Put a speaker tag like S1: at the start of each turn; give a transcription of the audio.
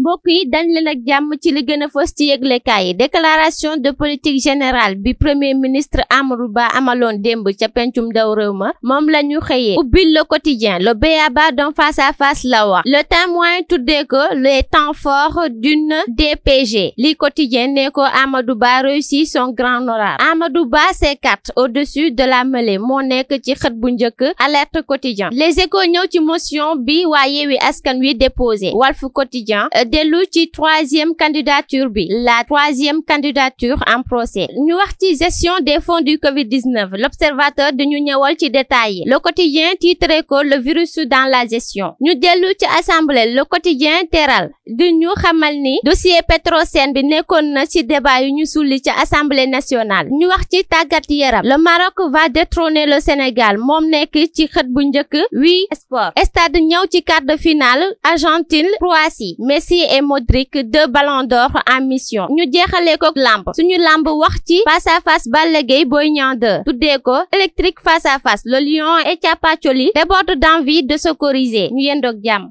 S1: mbokk yi dañ nag ak jàmm ci li gën a fës ci yëglekaay déclaration de politique générale bi premier ministre Amadou Ba amaloon démb ca pencum ndaw réew ma moom la ñu xëyee ubbil le quotidien le béaba don face à face la wax le témoin tuddee ko les temps forts d'une DPG li quotidien nee ko Amadou Ba réussit son grand oral Amadou Ba C4 au-dessus de la mêlée moo nekk ci xët bu njëkk alerte quotidien les échos ñëw ci motion bi waa Yewwi Askan Wi déposé Walf dellu ci troisième candidature bi la troisième candidature en procès ñu wax ci gestion des fonds du covid 19 l'observateur dañu ñëwal ci détails yi le quotidien titre ko le virus dans la gestion ñu dellu ci assemblée le quotidien teral di ñu xamal ni dossier Petrosen bi nekkoon na ci débat yu ñu sulli ci assemblée nationale ñu wax ci tàggat yaram le Maroc va détrôner le Sénégal moom nekk ci xët bu njëkk wi sport stade ñëw ci quart de finale Argentine Croatie Messi et Modric deux ballons d'or mission ñu jeexalee ko lamb suñu lamb wax ci face à face Balla Gaye Boy Niang 2 tuddee ko électrique face à face le lion et Thiapathioly déborde d'envie de se corriger ñu yendoog jàmm